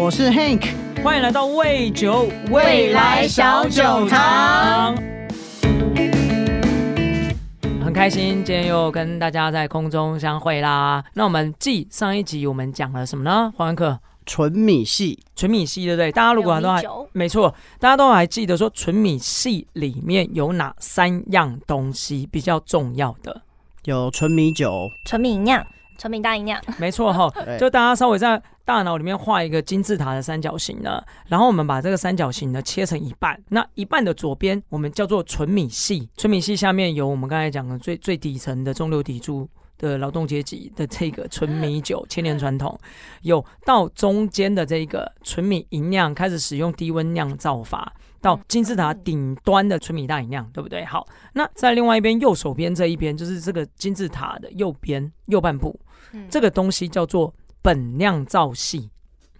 我是 Hank，歡迎來到味酒未來小酒堂。很開心今天又跟大家在空中相會啦。那我們繼上一集我們講了什麼呢？黃文克，純米系，純米系對不對？大家如果還都還沒錯，大家都還記得說純米系裡面有哪三樣東西比較重要的？有純米酒、純米釀。純米大吟釀，沒錯哈，就大家稍微在大腦裡面畫一個金字塔的三角形呢，然後我們把這個三角形呢切成一半，那一半的左邊我們叫做純米系，純米系下面有我們剛才講的最最底層的中流砥柱的勞動階級的這個純米酒，千年傳統，有到中間的這個純米吟釀開始使用低溫釀造法，到金字塔頂端的純米大吟釀，對不對？好，那在另外一邊右手邊這一邊就是這個金字塔的右邊右半部。這個東西叫做本釀造系，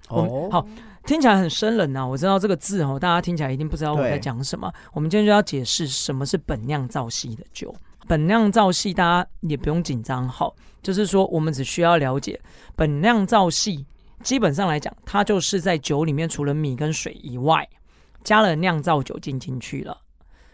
哦，好，聽起來很生冷啊。我知道這個字哦，大家聽起來一定不知道我在講什麼。我們今天就要解釋什麼是本釀造系的酒。本釀造系大家也不用緊張，哈，就是說我們只需要了解，本釀造系基本上來講，它就是在酒裡面除了米跟水以外，加了釀造酒精進去了。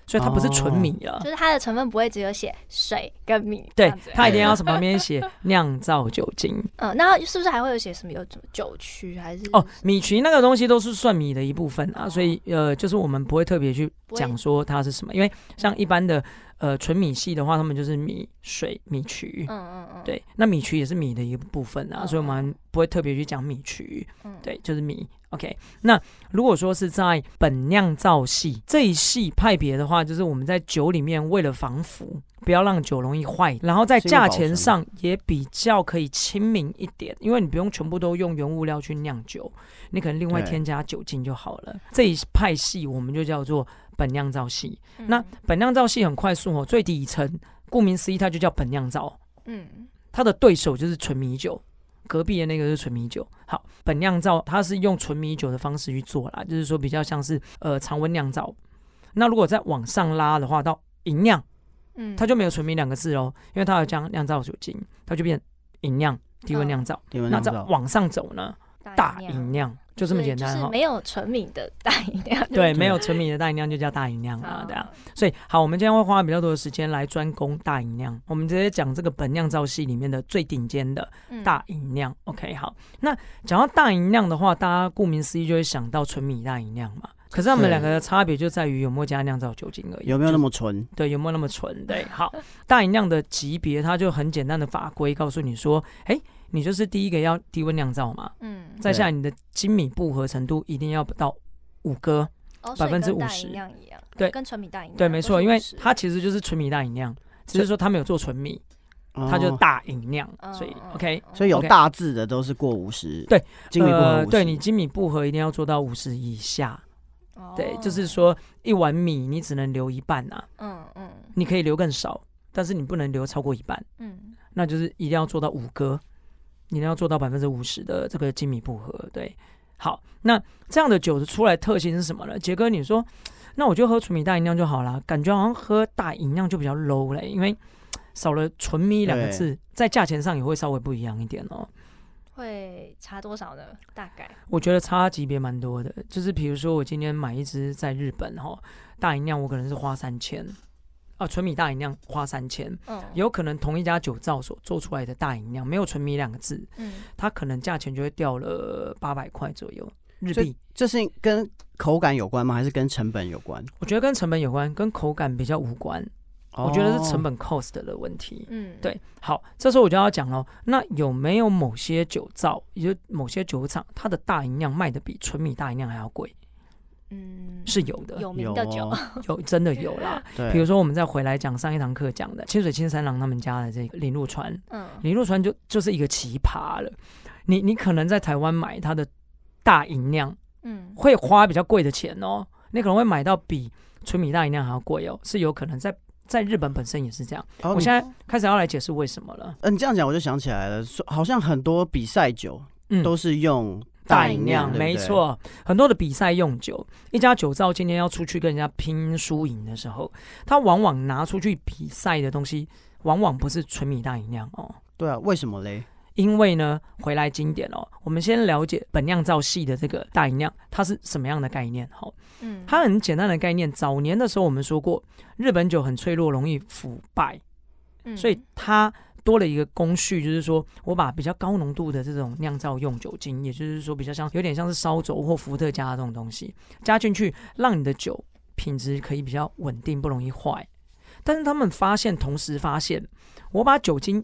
所以它不是純米的，啊哦，就是它的成分不會只有寫水跟米，對，它一定要什麼旁邊寫釀造酒精。嗯，那是不是還會有寫什麼有什麼酒曲還是？哦，米曲那個東西都是算米的一部分啊，哦，所以呃，就是我們不會特別去講說它是什麼，會因為像一般的呃純米系的話，他們就是米、水、米曲，嗯嗯嗯，對，那米曲也是米的一部分啊，所以我們不會特別去講米曲，嗯嗯對，就是米。OK，那如果說是在本釀造系這一系派別的話，就是我們在酒裡面為了防腐，不要讓酒容易壞，然後在價錢上也比較可以親民一點，因為你不用全部都用原物料去釀酒，你可能另外添加酒精就好了。對這一派系我們就叫做本釀造系。那本釀造系很快速哦、喔，最底層顧名思義，它就叫本釀造。嗯，它的對手就是純米酒。隔壁的那個是純米酒，好，本釀造它是用純米酒的方式去做啦，就是說比較像是呃常溫釀造。那如果再往上拉的話，到吟釀，嗯，它就沒有純米兩個字哦，因為它有加釀造酒精，它就變成吟釀低溫釀造，低溫釀造。哦、那再往上走呢，大吟釀。就這麼簡單哈，就是、沒有純米的大吟釀。對，沒有純米的大吟釀，就叫大吟釀。啊，對啊。所以好，我們今天會花比較多的時間來專攻大吟釀。我們直接講這個本釀造系裡面的最頂尖的大吟釀。嗯、OK，好，那講到大吟釀的話，大家顧名思義就會想到純米大吟釀嘛，可是我們兩個的差別就在於有沒有加釀造酒精而已，有沒有那麼純？對，有沒有那麼純？對，好， 大吟釀的級別，它就很簡單的法規告訴你說，哎、欸。你就是第一個要低溫釀造嘛，嗯，再下來你的精米步合程度一定要到五割，哦，百分之五十，一樣，對，跟純米大吟釀對，沒錯，因為它其實就是純米大吟釀，只是說它沒有做純米，它就大吟釀。所以 OK，所以有大字的都是過五十，對，呃，對你精米步合一定要做到五十以下，對，就是說一碗米你只能留一半啊，嗯嗯，你可以留更少，但是你不能留超過一半，嗯，那就是一定要做到五割。你要做到百分之五十的這個精米步合。對，好，那這樣的酒的出來的特性是什麼呢？傑哥，你說，那我就喝純米大吟釀就好了，感覺好像喝大吟釀就比較 low 嘞，因為少了“純米”兩個字，在價錢上也會稍微不一樣一點哦、喔。會差多少呢？大概？我覺得差級別蠻多的，就是比如說我今天買一支在日本吼大吟釀，我可能是花三千。啊，純米大吟釀花三千，有可能同一家酒造所做出來的大吟釀沒有“純米”兩個字，嗯，它可能價錢就會掉了八百塊左右日幣。這是跟口感有關嗎？還是跟成本有關？我覺得跟成本有關，跟口感比較無關。Oh. 我覺得是成本 cost 的問題。嗯，對。好，這時候我就要講了。那有沒有某些酒造，也就是某些酒廠，它的大吟釀賣的比純米大吟釀還要貴？嗯，是有的，有名的酒有，有真的有啦。 對，比如說我們再回來講上一堂課講的清水清三郎他們家的這個鈴鹿川，嗯，鈴鹿川就就是一個奇葩了。你你可能在台灣買他的大吟釀，嗯，會花比較貴的錢哦、喔。你可能會買到比純米大吟釀還要貴哦、喔，是有可能，在在日本本身也是這樣。哦、我現在開始要來解釋為什麼了。嗯、啊，你這樣講我就想起來了，好像很多比賽酒，都是用、嗯。大吟釀沒錯錯，對對，很多的比賽用酒，一家酒造今天要出去跟人家拼輸贏的時候，他往往拿出去比賽的東西，往往不是純米大吟釀哦。對啊，為什麼嘞？因為呢，回來經典哦，我們先了解本釀造系的這個大吟釀，它是什麼樣的概念？哦，嗯，它很簡單的概念，早年的時候我們說過，日本酒很脆弱，容易腐敗，嗯、所以它。多了一個工序，就是說我把比較高濃度的這種釀造用酒精，也就是說比較像有點像是燒酒或伏特加這種東西加進去，讓你的酒品質可以比較穩定，不容易壞。但是他們發現，同時發現我把酒精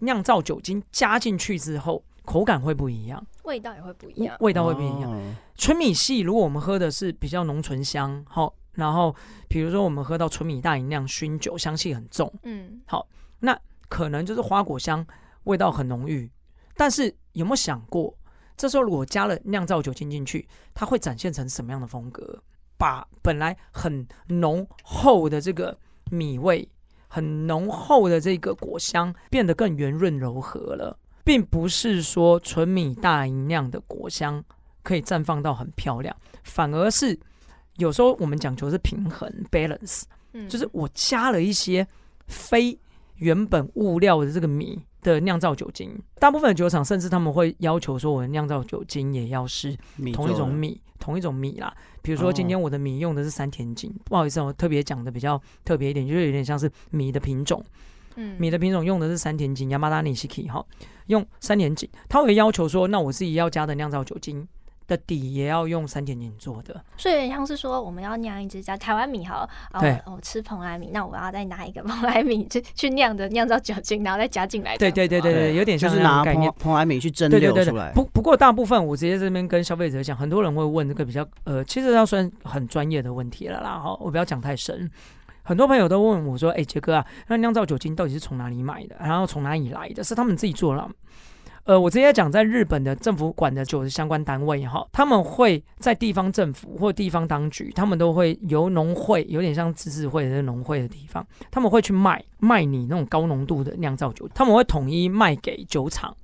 釀造酒精加進去之後，口感會不一樣，味道也會不一樣，哦、味道會不一樣。純米系，如果我們喝的是比較濃醇香，好，然後比如說我們喝到純米大吟釀，燻酒香氣很重，嗯，好，那。可能就是花果香，味道很濃郁，但是有沒有想過，這時候如果加了釀造酒精進去，它會展現成什麼樣的風格？把本來很濃厚的這個米味，很濃厚的這個果香，變得更圓潤柔和了，並不是說純米大吟釀的果香可以綻放到很漂亮，反而是有時候我們講求是平衡 （balance），嗯，就是我加了一些非原本物料的這個米的釀造酒精，大部分的酒廠甚至他們會要求說，我的釀造酒精也要是同一種米，米同一種米啦。比如說今天我的米用的是山田錦，哦、不好意思、哦，我特別講的比較特別一點，就是有點像是米的品種，嗯，米的品種用的是山田錦，Yamada Nishiki 哈，用山田錦，他會要求說，那我自己要加的釀造酒精，的底也要用三點零做的，所以像是說，我們要釀一支叫台灣米好，對，我、哦、吃蓬萊米，那我要再拿一個蓬萊米去去釀的釀造酒精，然後再加進來。對對對對，對有點像那個概念是拿蓬蓬萊米去蒸餾出來。對對對對對不不過，大部分我直接這邊跟消費者講，很多人會問這個比較呃，其實要算很專業的問題了啦。好，我不要講太深。很多朋友都問我說，哎、欸，傑哥啊，那釀造酒精到底是從哪裡買的？然後從哪裡來的是他們自己做了、啊？呃，我直接講，在日本的政府管的酒的相關單位哈，他們會在地方政府或地方當局，他們都會有農會，有點像自治會的農會的地方，他們會去賣賣你那種高濃度的釀造酒，他們會統一賣給酒廠，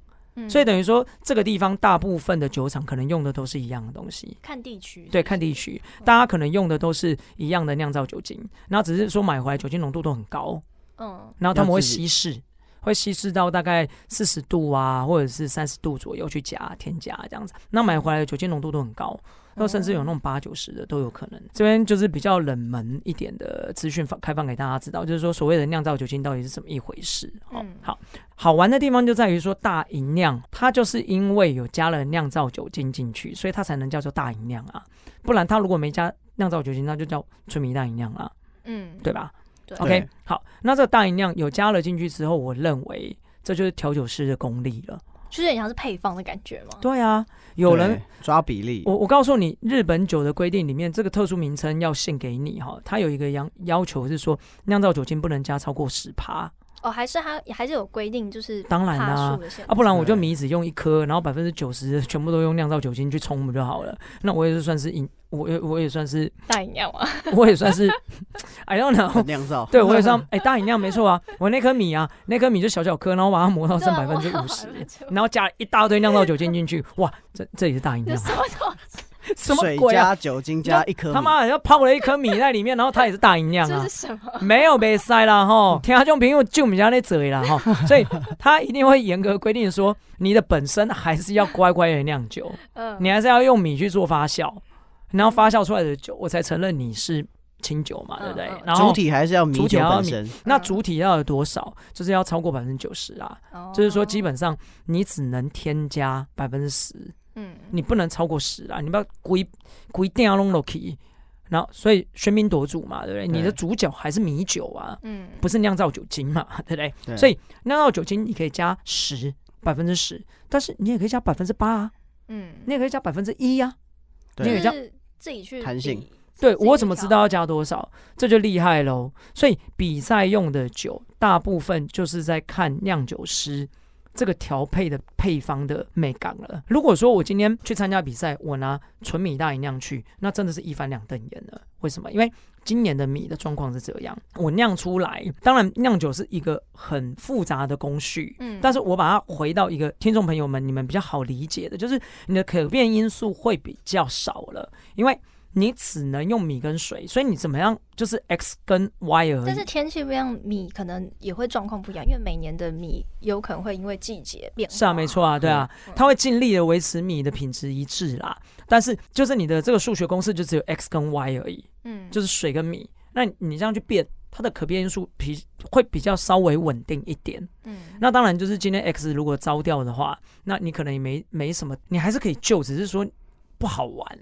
所以等於說這個地方大部分的酒廠可能用的都是一樣的東西，看地區，對，看地區，大家可能用的都是一樣的釀造酒精，然後只是說買回來酒精濃度都很高，嗯，然後他們會稀釋。會稀釋到大概四十度啊，或者是三十度左右去加添加這樣子。那買回來的酒精濃度都很高，都甚至有那種八九十的都有可能。Oh, right. 這邊就是比較冷門一點的資訊放開放給大家知道，就是說所謂的釀造酒精到底是怎麼一回事。哦，嗯、好好玩的地方就在於說大吟釀，它就是因為有加了釀造酒精進去，所以它才能叫做大吟釀啊。不然它如果沒加釀造酒精，那就叫純米大吟釀了。嗯，對吧？對，OK，好。那這大吟釀有加了進去之後，我認為這就是調酒師的功力了，就是很像是配方的感覺嗎？對啊，有人抓比例。我我告訴你，日本酒的規定裡面，這個特殊名稱要獻給你哈，它有一個要要求是說，釀造酒精不能加超過十趴。哦，還是它還是有規定，就是當然啦啊，啊不然我就米只用一顆，然後百分之九十全部都用釀造酒精去沖不就好了？那我也是算是我也我也算是大吟釀啊，我也算是，I don't know，釀造，對我也算哎大吟、 欸、釀沒錯啊，我那顆米啊，那顆米就小小顆，然後把它磨到剩百分之五十，然後加一大堆釀造酒精進去，哇，這這也是大吟釀，什麼，東西什麼鬼啊？水加酒精加一顆，他媽的要泡了一顆米在裡面，然後它也是大吟釀啊？這是什麼？ 沒有被塞了哈，天啊，就憑瓶又救人家那嘴了哈，所以他一定會嚴格規定說，你的本身還是要乖乖的釀酒，嗯、你還是要用米去做發酵。然後發酵出來的酒，我才承認你是清酒嘛，對不對？然後主體還是要米酒本身，那主體要有多少？就是要超過百分之九十啊！就是說，基本上你只能添加百分之十，嗯，你不能超過十啊！你不要故意一定要弄 roki，然後所以喧賓奪主嘛，對不對？你的主角還是米酒啊，嗯，不是釀造酒精嘛，對不對？所以釀造酒精你可以加十百分之十，但是你也可以加百分之八，嗯，你也可以加百分之一呀，你也可以加。自己去彈性，對，我怎麼知道要加多少？這就厲害咯。所以比賽用的酒，大部分就是在看釀酒師這個調配的配方的美感了。如果說我今天去參加比賽，我拿純米大吟釀去，那真的是一翻兩瞪眼了。為什麼？因為今年的米的狀況是這樣，我釀出來，當然釀酒是一個很複雜的工序，但是我把它回到一個聽眾朋友們，你們比較好理解的，就是你的可變因素會比較少了，因為。你只能用米跟水，所以你怎麼樣就是 x 跟 y 而已。但是天氣不一樣，米可能也會狀況不一樣，因為每年的米有可能會因為季節變化。是啊，沒錯啊，對啊，它對會盡力的維持米的品質一致啦。嗯，但是就是你的這個數學公式就只有 x 跟 y 而已。嗯，就是水跟米，那你這樣去變，它的可變因素比會比較稍微穩定一點。嗯，那當然就是今天 x 如果糟掉的話，那你可能也沒沒什麼，你還是可以救，只是說不好玩。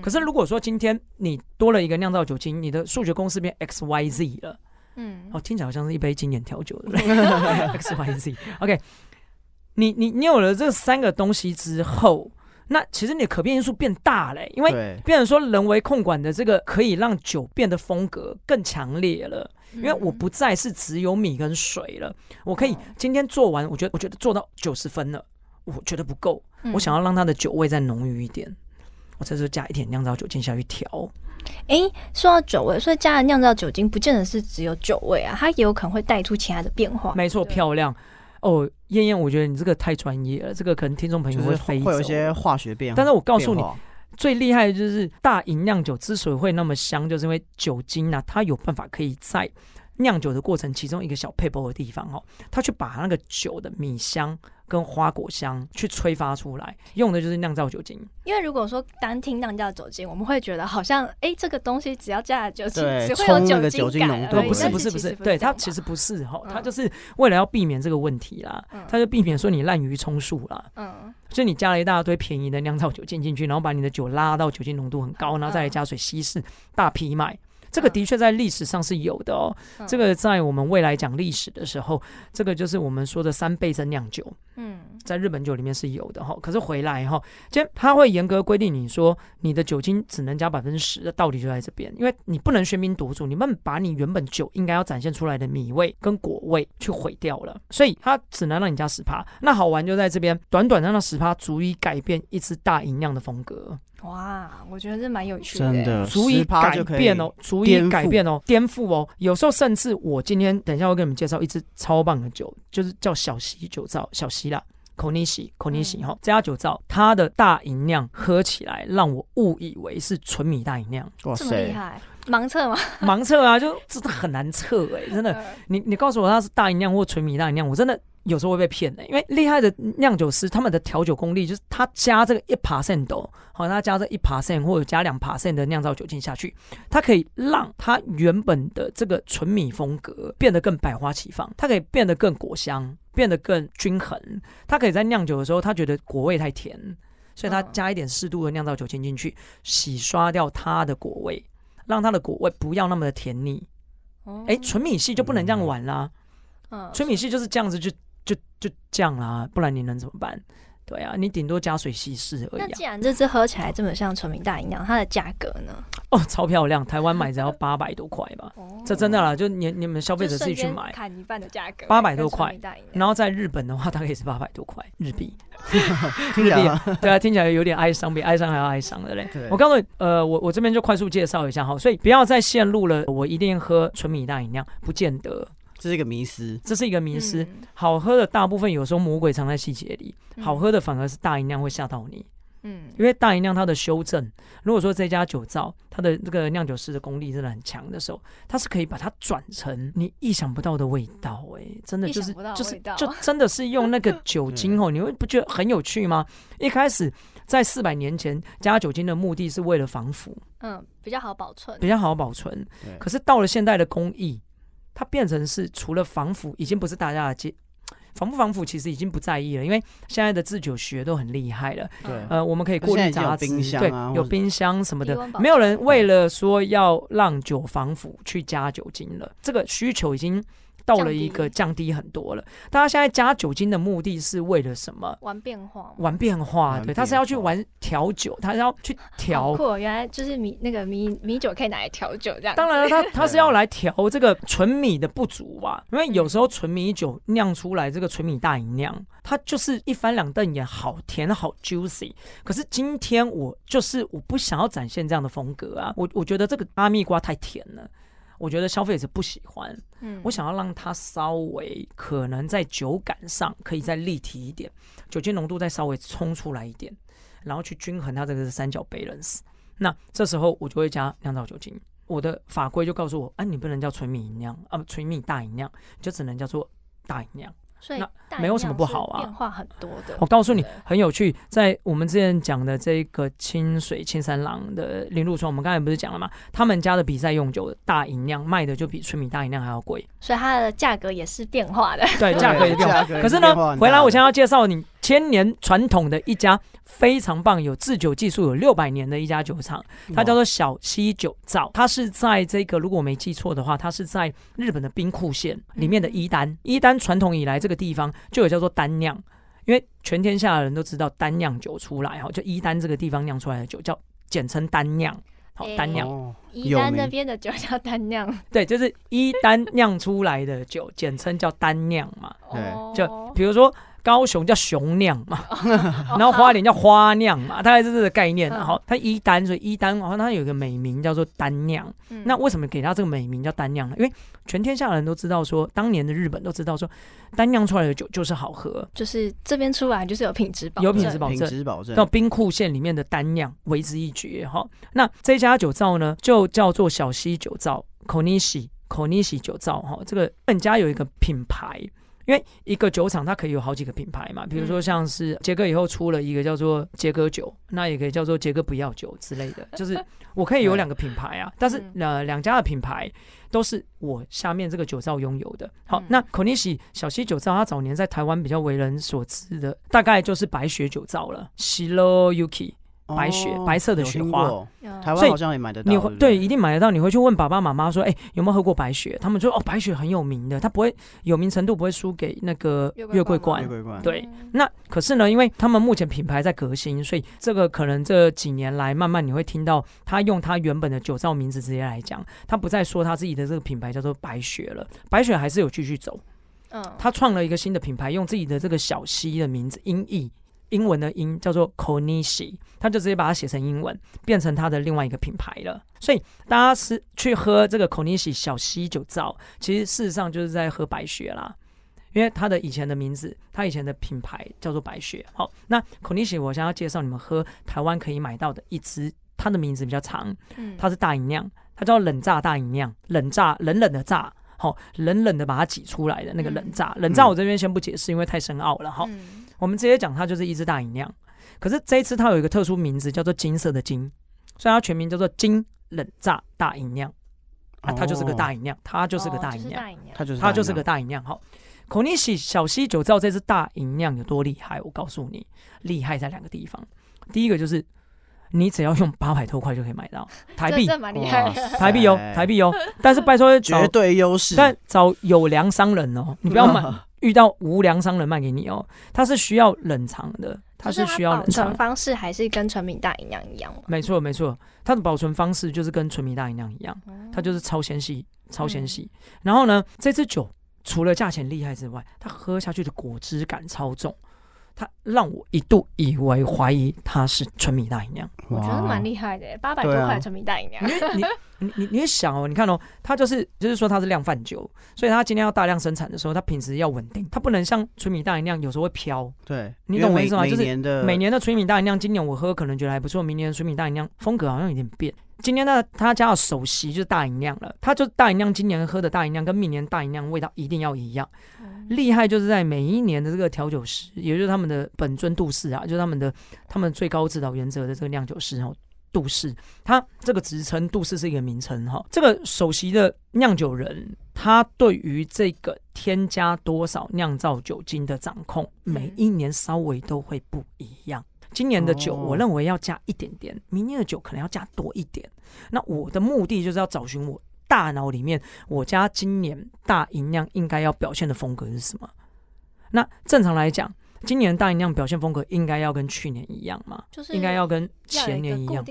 可是如果說今天你多了一個釀造酒精，你的數學公式變 X Y Z 了。嗯，哦，聽起來好像是一杯經典調酒的 X Y Z。OK，你你你有了這三個東西之後，那其實你的可變因素變大了，欸。因為變成說人為控管的這個可以讓酒變得風格更強烈了。因為我不再是只有米跟水了，我可以今天做完，我覺得我覺得做到九十分了，我覺得不夠，我想要讓它的酒味再濃郁一點。我這時候加一點釀造酒精下去調，欸，哎，說到酒味，所以加了釀造酒精，不見得是只有酒味啊，它也有可能會帶出其他的變化。沒錯錯，對漂亮哦，燕燕，我覺得你這個太專業了，這個可能聽眾朋友會會有些化學變化。但是我告訴你，化最厲害的就是大吟釀酒之所以會那麼香，就是因為酒精啊，它有辦法可以在。釀酒的過程，其中一個小配博的地方哦，他去把那個酒的米香跟花果香去催發出來，用的就是釀造酒精。因為如果說單聽釀造酒精，我們會覺得好像哎、欸，這個東西只要加了酒精，對只會有酒精濃度，不對對是不是不是，對它其實不是哈，它、哦、就是為了要避免這個問題啦，它、嗯、就避免說你濫竽充數啦，嗯，所以你加了一大堆便宜的釀造酒精進去，然後把你的酒拉到酒精濃度很高，然後再來加水稀釋，大批賣這個的確在歷史上是有的哦，哦，這個在我們未來講歷史的時候，這個就是我們說的三倍增釀酒。嗯，在日本酒裡面是有的哈、哦。可是回來哈、哦，就它會嚴格規定你說你的酒精只能加百分之十的道理就在這邊，因為你不能喧賓奪主，你們把你原本酒應該要展現出來的米味跟果味去毀掉了，所以它只能讓你加十趴。那好玩就在這邊，短短讓那十趴足以改變一支大吟釀的風格。哇，我覺得這蠻有趣的、欸，真的，足以改變哦、喔，以足以改變哦、喔，顛覆哦、喔。有時候甚至，我今天等一下我給你們介紹一支超棒的酒，就是叫小西酒造小西啦 Konishi Konishi 哈，這家酒造它的大吟釀喝起來讓我誤以為是純米大吟釀，哇塞這麼厲害，盲測嗎？盲測啊，就真的很難測哎、欸，真的， 你你告訴我它是大吟釀或純米大吟釀，我真的。有時候會被騙的、欸，因為厲害的釀酒師他們的調酒功力，就是他加這個一趴 c 斗，好、喔、像他加這一趴 c 或者加兩趴 c 的釀造酒精下去，他可以讓他原本的這個純米風格變得更百花齊放，它可以變得更果香，變得更均衡。他可以在釀酒的時候，他覺得果味太甜，所以他加一點適度的釀造酒精進去，洗刷掉他的果味，讓他的果味不要那麼的甜膩。哦、欸，哎，純米系就不能這樣玩啦、啊，嗯，純米系就是這樣子就。就就這樣啦，不然你能怎麼辦？對呀、啊，你頂多加水稀釋而已、啊。那既然這支喝起來這麼像純米大吟釀，它的價格呢？哦，超漂亮，台灣買只要八百多塊吧。 哦、這真的啦，就你你們消費者自己去買，砍一半的價格，八百多塊。然後在日本的話，大概也是八百多塊日幣，日幣。 對啊，聽起來有點哀傷，比哀傷還要哀傷的嘞。對我告訴你，呃，我我這邊就快速介紹一下哈，所以不要再陷入了，我一定喝純米大吟釀，不見得。這是一個迷思，這是一個迷思。嗯、好喝的大部分有時候魔鬼藏在細節裡，好喝的反而是大吟釀會嚇到你。嗯，因為大吟釀它的修正，如果說這家酒造它的這個釀酒師的功力真的很強的時候，它是可以把它轉成你意想不到的味道、欸。哎、嗯，真的就是的就是就真的是用那個酒精哦， 你會不覺得很有趣嗎？一開始在四百年前加酒精的目的是為了防腐，嗯，比較好保存，比較好保存。對可是到了現代的工藝。它變成是除了防腐，已經不是大家的防不防腐，其實已經不在意了，因為現在的制酒學都很厲害了。對，呃，我們可以過濾雜質，對，有冰箱什麼的，沒有人為了說要讓酒防腐去加酒精了，這個需求已經。到了一個降低、降低，降低很多了，大家現在加酒精的目的是為了什麼？玩變化、玩變化。對，他是要去玩調酒，他是要去調。過、喔、原來就是米那個米米酒可以拿來調酒這樣。當然了，他他是要來調這個純米的不足吧、啊？嗯、因為有時候純米酒釀出來這個純米大吟釀，它就是一翻兩瞪眼，好甜，好 juicy。可是今天我就是我不想要展現這樣的風格啊，我我覺得這個哈密瓜太甜了。我覺得消費者不喜歡，嗯，我想要讓它稍微可能在酒感上可以再立體一點，酒精濃度再稍微衝出來一點，然後去均衡它這個三角 balance，那這時候我就會加釀造酒精，我的法規就告訴我，啊，你不能叫純米吟釀啊，不純米大吟釀，就只能叫做大吟釀。所以那沒有什麼不好啊，變化很多的。我告訴你，很有趣，在我們之前講的這個清水清三郎的鈴鹿川，我們剛才不是講了嗎？他們家的比賽用酒大吟釀賣的，就比純米大吟釀還要貴，所以它的價格也是變化的。對，價格也變化。可是呢，回來我先要介紹你。千年傳統的一家非常棒，有制酒技術，有六百年的一家酒廠，哇它叫做小西酒造。它是在這個，如果我沒記錯的話，它是在日本的兵庫縣裡面的伊丹，伊丹傳統以來，這個地方就有叫做丹釀，因為全天下的人都知道丹釀酒出來哈、喔，就伊丹這個地方釀出來的酒叫簡稱丹釀。好，丹釀，伊丹那邊的酒叫丹釀。對，就是伊丹釀出來的酒，簡稱、喔欸、叫丹釀嘛。沒對，就比如說。高雄叫熊釀嘛， 然後花蓮叫花釀嘛， 大概是這個概念、啊。然後它伊丹，所以伊丹，然後它有一個美名叫做丹釀。嗯、那為什麼給它這個美名叫丹釀呢？因為全天下人都知道說，說當年的日本都知道說，說丹釀出來的酒就是好喝，就是這邊出來就是有品質保，有品質保證，有品質保證，到兵庫縣裡面的丹釀為之一絕哈。那這家酒造呢，就叫做小西酒造，Konishi Konishi 酒造哈，這個本家有一個品牌。因為一個酒廠，它可以有好幾個品牌嘛，比如說像是傑哥以後出了一個叫做傑哥酒，那也可以叫做傑哥不要酒之類的，就是我可以有兩個品牌啊。 但是呃兩家的品牌都是我下面這個酒造擁有的。好，那 Konishi 小西酒造，他早年在台灣比較為人所知的，大概就是白雪酒造了。Shiro Yuki。白雪，哦、白色的雪花，所以，台灣好像也買得到是不是？你會，對，一定買得到，你會去問爸爸媽媽說：“哎、欸，有沒有喝過白雪？”他們說：“哦，白雪很有名的，它不會有名程度不會輸給那個月桂冠。”月桂冠媽媽，對。嗯、那，可是呢，因為他們目前品牌在革新，所以這個可能這幾年來慢慢你會聽到他用他原本的酒造名字直接來講，他不再說他自己的這個品牌叫做白雪了。白雪還是有繼續走。嗯，他創了一個新的品牌，用自己的這個小溪的名字音譯。英文的音叫做 Konishi 他就直接把它寫成英文，變成它的另外一個品牌了。所以大家是去喝這個 Konishi 小西酒造，其實事實上就是在喝白雪啦，因為它的以前的名字，它以前的品牌叫做白雪。好，那 Konishi 我想要介紹你們喝台灣可以買到的一支，它的名字比較長，它是大吟釀，它叫冷榨大吟釀，冷榨冷冷的榨，好、哦、冷冷的把它擠出來的那個冷榨。冷榨我這邊先不解釋，因為太深奧了哈。我們直接講，它就是一隻大吟釀。可是這一次它有一個特殊名字，叫做金色的金，所以它全名叫做金冷榨大吟釀。哦、啊，它就是個大吟釀，它就是個大吟釀，它、哦、就是它就，就是個大吟釀。好，孔尼西小西就知道這隻大吟釀有多厲害。我告訴你，厲害在兩個地方。第一個就是，你只要用八百多塊就可以買到台幣，厲害，台幣哦，台幣哦、喔。 但是拜託，絕對優勢，但找有良商人哦、喔，你不要買。 遇到無良商人賣給你哦，它是需要冷藏的，它是需要冷藏的。保存方式還是跟純米大吟釀一樣？沒錯，沒錯，沒錯，它的保存方式就是跟純米大吟釀一樣，它就是超纖細，超纖細，然後呢，這支酒除了價錢厲害之外，它喝下去的果汁感超重。他讓我一度以為懷疑他是純米大吟釀，wow, 我覺得蠻厲害的，八百多塊純米大吟釀，啊。 你你你你想哦，你看哦，他就是就是說他是量販酒，所以他今天要大量生產的時候，他品質，要穩定，他不能像純米大吟釀有時候會飄。對，你懂我意思嗎？就是每年的每年的純米大吟釀，今年我喝可能覺得還不錯，明年純米大吟釀風格好像有點變。今天呢，他家的首席就是大吟釀了。他就大吟釀，今年喝的大吟釀跟明年大吟釀味道一定要一樣。厲、嗯、害就是在每一年的這個調酒師，也就是他們的本尊杜氏啊，就是他們的他們最高指導原則的這個釀酒師哈，杜氏。他這個職稱杜氏是一個名稱哈。這個首席的釀酒人，他對於這個添加多少釀造酒精的掌控，每一年稍微都會不一樣。嗯今年的酒，我認為要加一點點，明年的酒可能要加多一點。那我的目的就是要找尋我大腦裡面，我家今年大吟釀應該要表現的風格是什麼？那正常來講，今年大吟釀表現風格應該要跟去年一樣嘛？就是應該要跟前年一樣。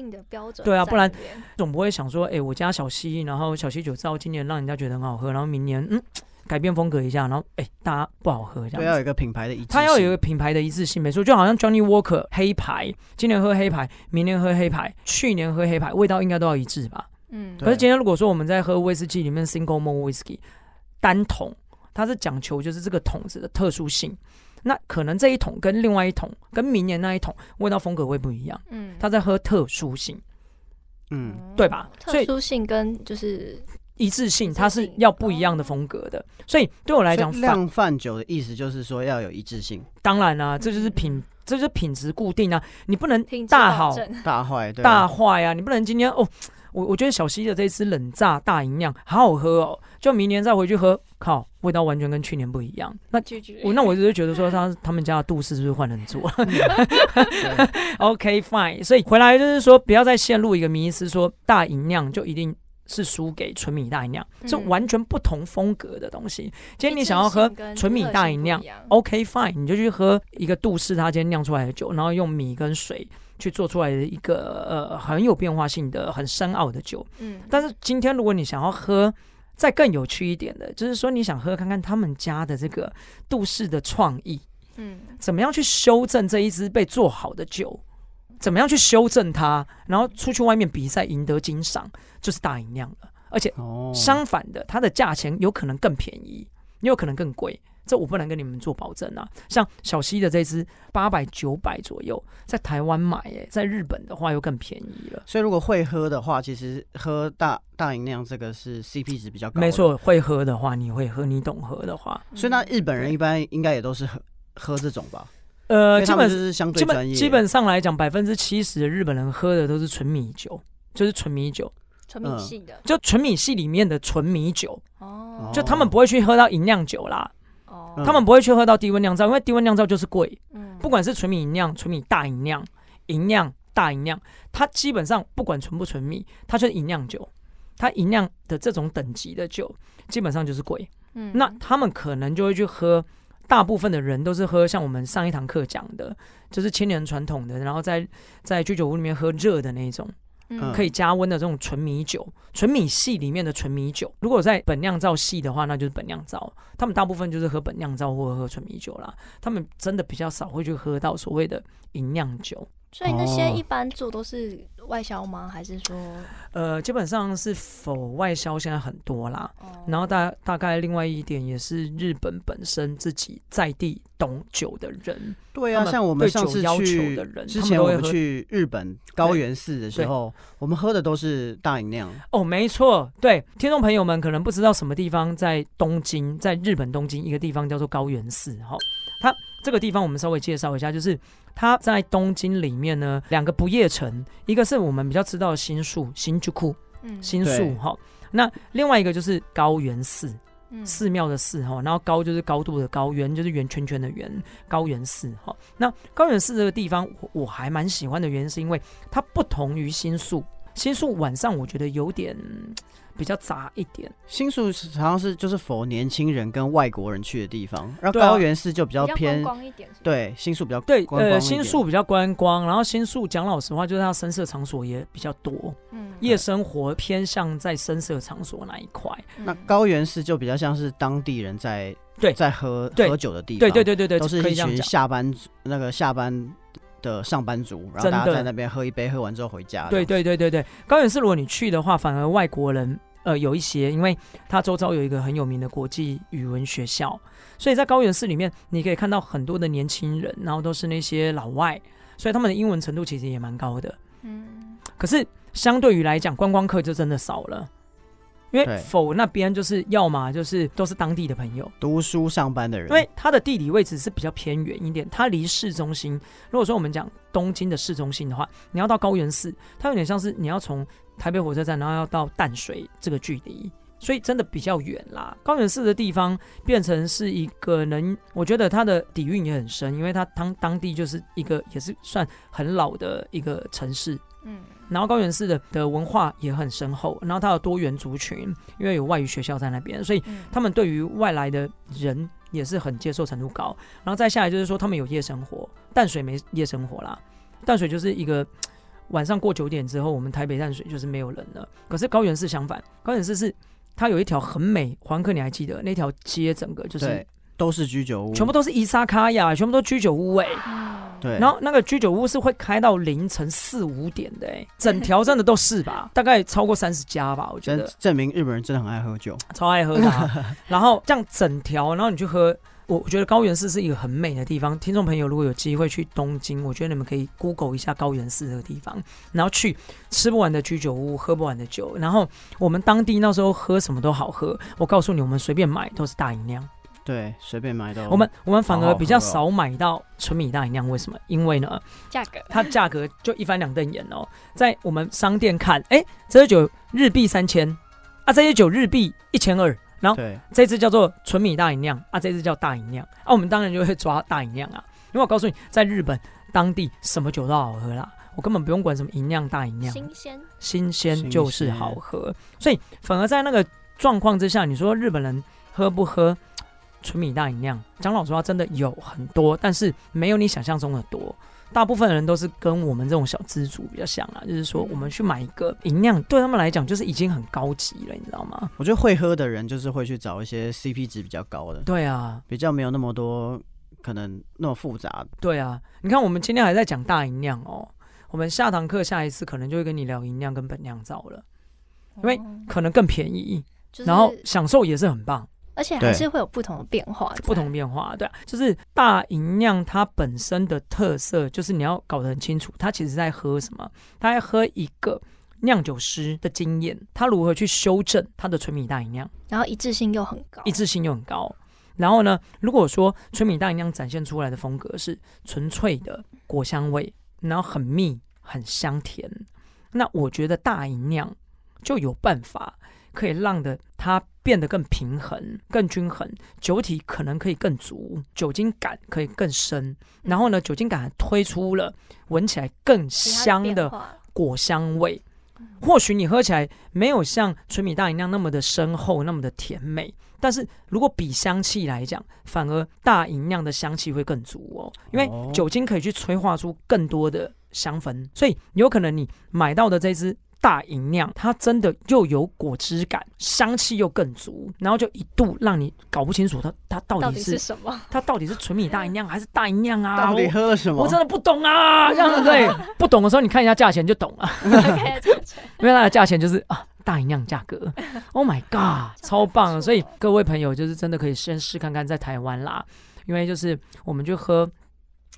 對啊，不然總不會想說，哎、欸，我家小溪然後小溪酒造今年讓人家覺得很好喝，然後明年嗯。改變風格一下，然後哎、欸，大家不好喝這樣子。要有一個品牌的一致，他要有一個品牌的一致性，沒錯，就好像 Johnny Walker 黑牌，今年喝黑牌，明年喝黑牌，去年喝黑牌，味道應該都要一致吧？嗯。可是今天如果說我們在喝威士忌裡面，Single Malt Whisky 單桶，它是講求就是這個桶子的特殊性，那可能這一桶跟另外一桶，跟明年那一桶味道風格會不一樣。嗯，他在喝特殊性，嗯，對吧？特殊性跟就是。一致性，它是要不一樣的風格的，所以對我來講，量販酒的意思就是說要有一致性。當然啦、啊，這就是品，這就是品質固定啊，你不能大好大壞，大壞啊，你不能今天哦，我我覺得小溪的這次冷榨大吟釀好好喝哦，就明年再回去喝，靠，味道完全跟去年不一樣。那我那我就是覺得說，他他們家的杜氏是不是換人做 對？OK，fine、okay。所以回來就是說，不要再陷入一個迷思，說大吟釀就一定。是輸給純米大吟釀，這完全不同風格的東西。嗯，今天你想要喝純米大吟釀，OK, fine，你就去喝一個杜氏他今天釀出來的酒，然後用米跟水去做出來的一個呃很有變化性的很深奧的酒。嗯，但是今天如果你想要喝再更有趣一點的，就是說你想喝看看他們家的這個杜氏的創意，嗯，怎麼樣去修正這一支被做好的酒？怎麼樣去修正它，然後出去外面比賽贏得金賞，就是大吟釀了。而且相反的，它的價錢有可能更便宜，也有可能更貴。這我不能跟你們做保證啊。像小西的這隻，八百九百左右，在台灣買耶、欸，在日本的話又更便宜了。所以如果會喝的話，其實喝大大吟釀這個是 CP 值比較高。沒錯，會喝的話，你會喝，你懂喝的話，嗯、所以那日本人一般應該也都是喝對喝這種吧。呃，基本是基本，基本上來講，百分之七十的日本人喝的都是純米酒，就是純米酒。純米系的，就純米系裡面的純米酒。哦。就他們不會去喝到吟釀酒啦。哦。他們不會去喝到低溫釀造，因為低溫釀造就是貴。嗯。不管是純米吟釀、純米大吟釀、吟釀大吟釀，它基本上不管純不純米，它就是吟釀酒，它吟釀的這種等級的酒，基本上就是貴。嗯。那他們可能就會去喝。大部分的人都是喝像我們上一堂課講的，就是千年傳統的，然後在在居酒屋裡面喝熱的那種，嗯，可以加溫的這種純米酒，純米系裡面的純米酒。如果在本釀造系的話，那就是本釀造。他們大部分就是喝本釀造或者喝純米酒啦，他們真的比較少會去喝到所謂的吟釀酒。所以那些一般做都是外銷嗎？Oh. 還是說？呃，基本上是否外銷現在很多啦。Oh. 然後大大概另外一點也是日本本身自己在地懂酒的人。對啊，對像我們上次去之前我們去日本高原寺的時候，們我們喝的都是大吟釀。哦，oh, 沒錯。對聽眾朋友們可能不知道什麼地方，在東京，在日本東京一個地方叫做高原寺。齁。它這個地方我們稍微介紹一下，就是它在東京裡面呢，兩個不夜城，一個是我們比較知道的新宿 Shinjuku，嗯，新宿哈，那另外一個就是高原寺，寺廟的寺哈，然後高就是高度的高，原就是圓圈圈的圓，高原寺哈。那高原寺這個地方我我還蠻喜歡的原因是因為它不同於新宿，新宿晚上我覺得有點。比較雜一點，新宿好像是就是 for 年輕人跟外國人去的地方，然後高原寺就比較偏對新宿比較對呃、新宿比較觀光，然後新宿講老實話，就是它聲色場所也比較多，嗯，夜生活偏向在聲色場所那一塊。嗯、那高原寺就比較像是當地人在對在喝對喝酒的地方，對對對對對，都是一群下班族那個下班的上班族，然後大家在那邊喝一杯，的喝完之後回家。對對對對對，高原寺如果你去的話，反而外國人。呃，有一些，因為他周遭有一個很有名的國際語文學校，所以在高原市裡面，你可以看到很多的年輕人，然後都是那些老外，所以他們的英文程度其實也蠻高的。嗯，可是相對於來講，觀光客就真的少了。因為否那邊就是要嘛，就是都是當地的朋友、讀書、上班的人。因為它的地理位置是比較偏遠一點，它離市中心，如果說我們講東京的市中心的話，你要到高原寺，它有點像是你要從台北火車站，然後要到淡水這個距離，所以真的比較遠啦。高原寺的地方變成是一個能，我覺得它的底蘊也很深，因為它當當地就是一個也是算很老的一個城市。嗯，然後高圓寺的的文化也很深厚，然後它有多元族群，因為有外語學校在那邊，所以他們對於外來的人也是很接受程度高。然後再下來就是說，他們有夜生活，淡水沒夜生活啦，淡水就是一個晚上過九點之後，我們台北淡水就是沒有人了。可是高圓寺相反，高圓寺是它有一條很美，黃客你還記得那條街，整個就是都是居酒屋，全部都是伊薩卡亞，全部都居酒屋哎、欸。嗯對，然後那個居酒屋是會開到凌晨四五點的，欸，哎，整條真的都是吧， 大概超過三十家吧，我覺得。證明日本人真的很愛喝酒，超愛喝的，啊。 然後這樣整條，然後你去喝，我我覺得高圓寺是一個很美的地方。聽眾朋友，如果有機會去東京，我覺得你們可以 Google 一下高圓寺這個地方，然後去吃不完的居酒屋，喝不完的酒，然後我們當地那時候喝什麼都好喝，我告訴你，我們隨便買都是大吟釀。對，隨便買到。我們我們反而比較少買到純米大吟釀，為什麼？因為呢，價格它價格就一翻兩瞪眼哦、喔。在我們商店看，哎、欸，這些酒日幣三千，啊，這些酒日幣一千二，然後這支叫做純米大吟釀啊，這支叫大吟釀啊，我們當然就會抓大吟釀啊，因為我告訴你，在日本當地什麼酒都好喝啦，我根本不用管什麼吟釀、大吟釀新鮮新鮮就是好喝。鮮所以反而在那個狀況之下，你說日本人喝不喝？純米大吟釀，講老實話真的有很多，但是沒有你想象中的多。大部分的人都是跟我們這種小資族比較像啊，就是說我們去買一個吟釀，對他們來講就是已經很高級了，你知道嗎？我覺得會喝的人就是會去找一些 CP 值比較高的。對啊，比較沒有那麼多可能那麼複雜。對啊，你看我們今天還在講大吟釀哦，我們下堂課下一次可能就會跟你聊吟釀跟本釀造了，因為可能更便宜，就是、然後享受也是很棒。而且還是會有不同的變化對，不同的變化，對、啊，就是大吟釀它本身的特色，就是你要搞得很清楚，它其實在喝什麼，它要喝一個釀酒師的經驗，他如何去修正他的純米大吟釀，然後一致性又很高，一致性又很高。然後呢，如果說純米大吟釀展現出來的風格是純粹的果香味，然後很密很香甜，那我覺得大吟釀就有辦法。可以讓的它變得更平衡，更均衡，酒體可能可以更足，酒精感可以更深。然後呢，酒精感還推出了，聞起來更香的果香味。或許你喝起來沒有像純米大吟釀那麼的深厚，那麼的甜美，但是如果比香氣來講，反而大吟釀的香氣會更足哦，因為酒精可以去催化出更多的香氛，所以有可能你買到的這支。大吟釀，它真的又有果汁感，香氣又更足，然後就一度讓你搞不清楚它它到底，到底是什麼，它到底是純米大吟釀還是大吟釀啊？嗯、我到底喝了什麼？我真的不懂啊！這樣對不對？ 不懂的時候你看一下價錢就懂了。 因為它的價錢就是啊，大吟釀價格，Oh my god，超棒！所以各位朋友就是真的可以先試看看在台灣啦，因為就是我們就喝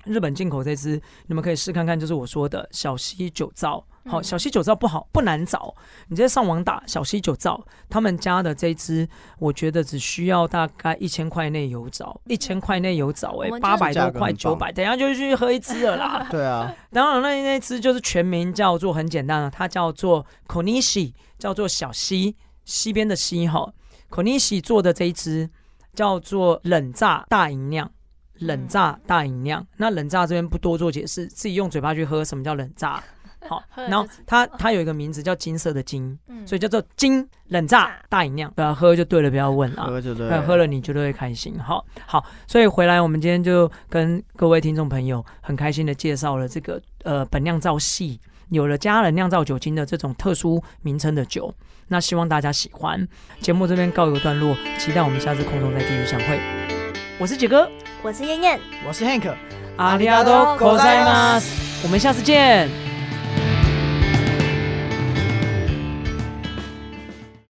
日本進口這支，你們可以試看看，就是我說的小西酒造。好，小西酒造不好不難找，你直接上網打“小西酒造”，他們家的這一支，我覺得只需要大概一千塊內有找，一千塊內有找，欸，哎，八百多塊九百，等下就去喝一支了啦。 對啊，當然後那那一支就是全名叫做很簡單的，它叫做 Konishi 叫做小西西邊的西哈 Konishi 做的這一支叫做冷榨大吟釀，冷榨大吟釀。嗯、那冷榨這邊不多做解釋，自己用嘴巴去喝，什麼叫冷榨？好，然後它它有一個名字叫金色的金，嗯、所以叫做金冷榨大吟釀。不要、啊、喝就對了，不要問啊，喝了你覺得會開心。好，好，所以回來我們今天就跟各位聽眾朋友很開心的介紹了這個呃本釀造系有了加了釀造酒精的這種特殊名稱的酒，那希望大家喜歡。節目這邊告一個段落，期待我們下次空中再繼續相會。我是杰哥，我是燕燕，我是 Hank，ありがとうございます，我們下次見。